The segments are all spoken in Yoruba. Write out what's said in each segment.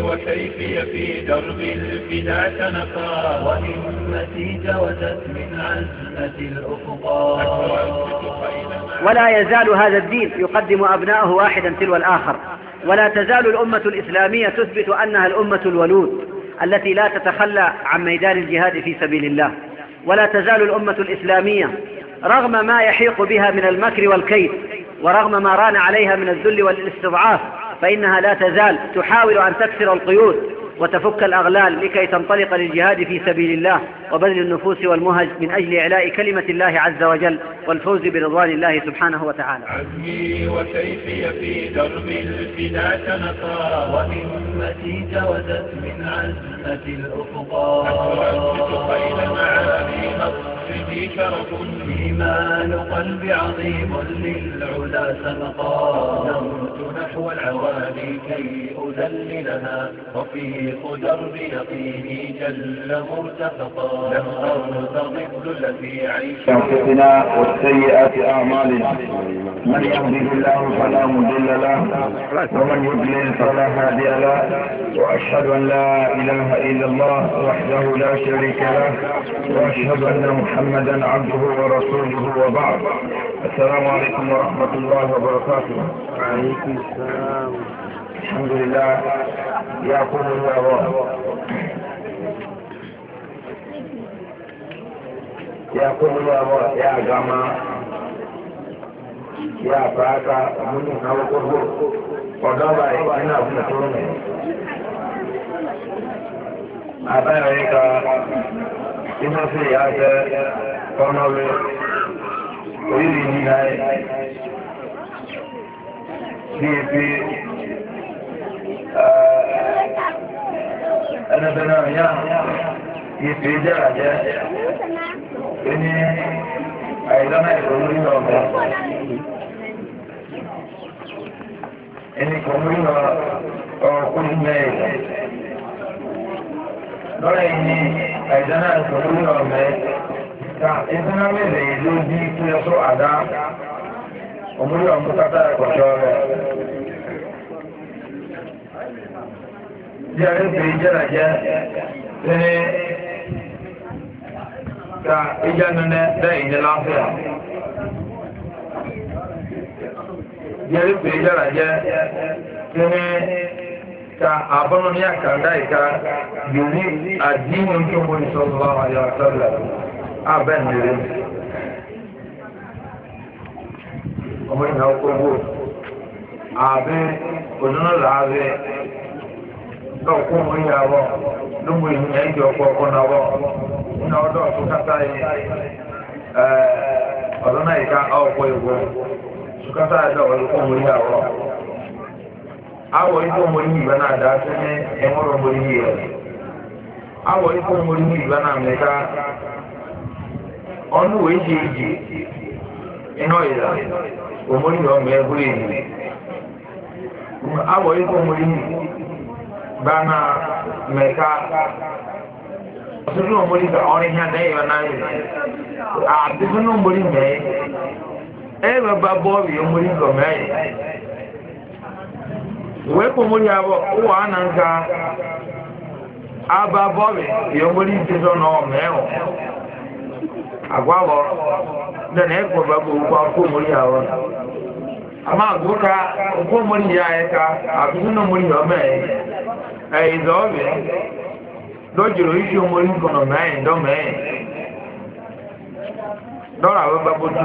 وسيفي في درب الفدا وهمتي جوزت من عزمة ولا يزال هذا الدين يقدم ابناءه واحدا تلو الآخر ولا تزال الأمة الإسلامية تثبت أنها الأمة الولود التي لا تتخلى عن ميدان الجهاد في سبيل الله ولا تزال الأمة الإسلامية رغم ما يحيق بها من المكر والكيد ورغم ما ران عليها من الذل والاستضعاف فإنها لا تزال تحاول أن تكسر القيود وتفك الأغلال لكي تنطلق للجهاد في سبيل الله وبذل النفوس والمهج من أجل إعلاء كلمة الله عز وجل والفوز برضوان الله سبحانه وتعالى عزمي وسيفي في درب الفدا تنقى وهمتي جوزت من عزمة الأفقا أتردت خيل معاني شرف إيمان قلبي عظيم للعلا سبقا نمت نحو العوالي كي أذللها وفي خدر يقيني جل مرتفقا لم أرد أنفسنا والسيئات أعمالنا من يهده الله فلا مضل له ومن يضلل فلا هادي له وأشهد أن لا إله إلا الله وحده لا شريك له وأشهد أن محمدا عبده ورسوله وبعد السلام عليكم ورحمة الله وبركاته وعليكم السلام الحمد لله يقول الله ya kullawa ya gama ya fata mun hawa kurbo ọ̀dọ́ báyìí iná fún ìtúrú mi abẹ́rẹ́ yìí ka iná sí ìyá jẹ kọ́nà rẹ orílẹ̀ yìí náà ní ebi ẹnẹbẹ náà yá ìfẹ́ jẹ́ àjẹ́ ní àìlọ́nà ìkọ̀mú nínú ọ̀gá ẹni ìkọ̀mú nínú ọkùnrin mẹ́rin lọ́rọ̀ ìní àìlọ́nà ìkọ̀mú nínú ọ̀gá ta ìsinmi mẹ́rin ló bí kí ẹ sọ àdá òmúlò ọ̀mùtátà ẹ̀kọ̀ṣọ́ rẹ̀ bí a lè pè é jẹ́ràjẹ́ ẹni ka ẹja nínú dẹ́yìn ní láfíà yẹrí pé yára jẹ́ kíní ka àbọ̀nà ní àkàndá ìka yòówù àdínú tó mú ní sọ́dọ̀ àwọn àyà sọ́dọ̀ abẹ́nìrè ọmọ ìyàwó kókó àbẹ́ onínú làábẹ́ lọ́kọ́ mú yà wọ́ lóko ìyẹn ìdí ọkọ̀ ọkọ̀ náà wọ́ ní ọdọ ọ̀tún kátà yìí ọ̀dọ́ ọdọ na ká ọ̀pọ̀ ìwọ́ sùkátà yìí ọdọ lóko mú yà wọ́ awọ ikọ̀ mú yìí ìgbà náà dá sí ní ẹ̀wọ̀rọ̀ mú yìí yẹ awọ ikọ̀ na yìí ọnụ wee mẹ́ta ọ̀nù wèé jì jì iná ìlà ya mẹ́gbẹ́ yìí awọ ikọ̀ mú yìí. bana mẹka ọtụtụ omori ka ọrụ ihe anaghị ịwa n'anyị mee ba bọọlụ omori mee omori abụọ ụwa a na nka aba bọọlụ ya omori zọ na ọmịịhụ agwa bụ ndị na-ekwu ọbaba ụkwụ akwụkwọ omori ahụ ama agwụ ka ụkwụ omori ya eka ya ẹ̀yìndọ́ ọ̀rẹ́ lójúlò iṣu ọmọ onígbọ̀nà mẹ́rin dọ́ mẹ́rin dọ́là àwọn gbàgbó tó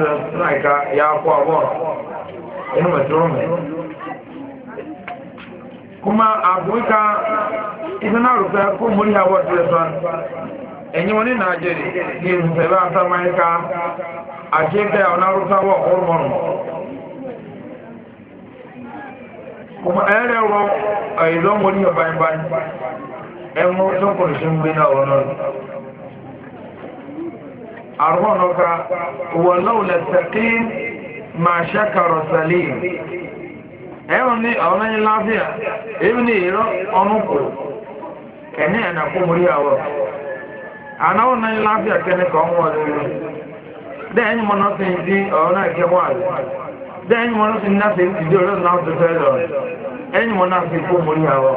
ya kó àwọ̀ inú mẹ́tìrò kuma àbúríkà iṣẹ́ náà rúfẹ́ kó mórí àwọ̀ tó lọ sọ ẹ̀yìn wọn ní nàìjíríà ní ìrùfẹ́ bá sáwọn ẹ̀ka àti ẹgbẹ́ ọ̀nà kuma ɗan e e a yi zon wani ya bayan bayan ɗan mutum kurshin na wani arhonoka e na lattakin ma shakaro salim ẹ̀wọ̀n ní àwọn ẹni láfíà èyí ní ìrọ ọmọkù kẹ̀ní ẹ̀nà kó múrí àwọ̀ ànáwọn ẹni láfíà kẹ́ni kọ́ wọ́n lórí then anyone else in nothing to do, not the fellow. Anyone else in Kumuli Hawa.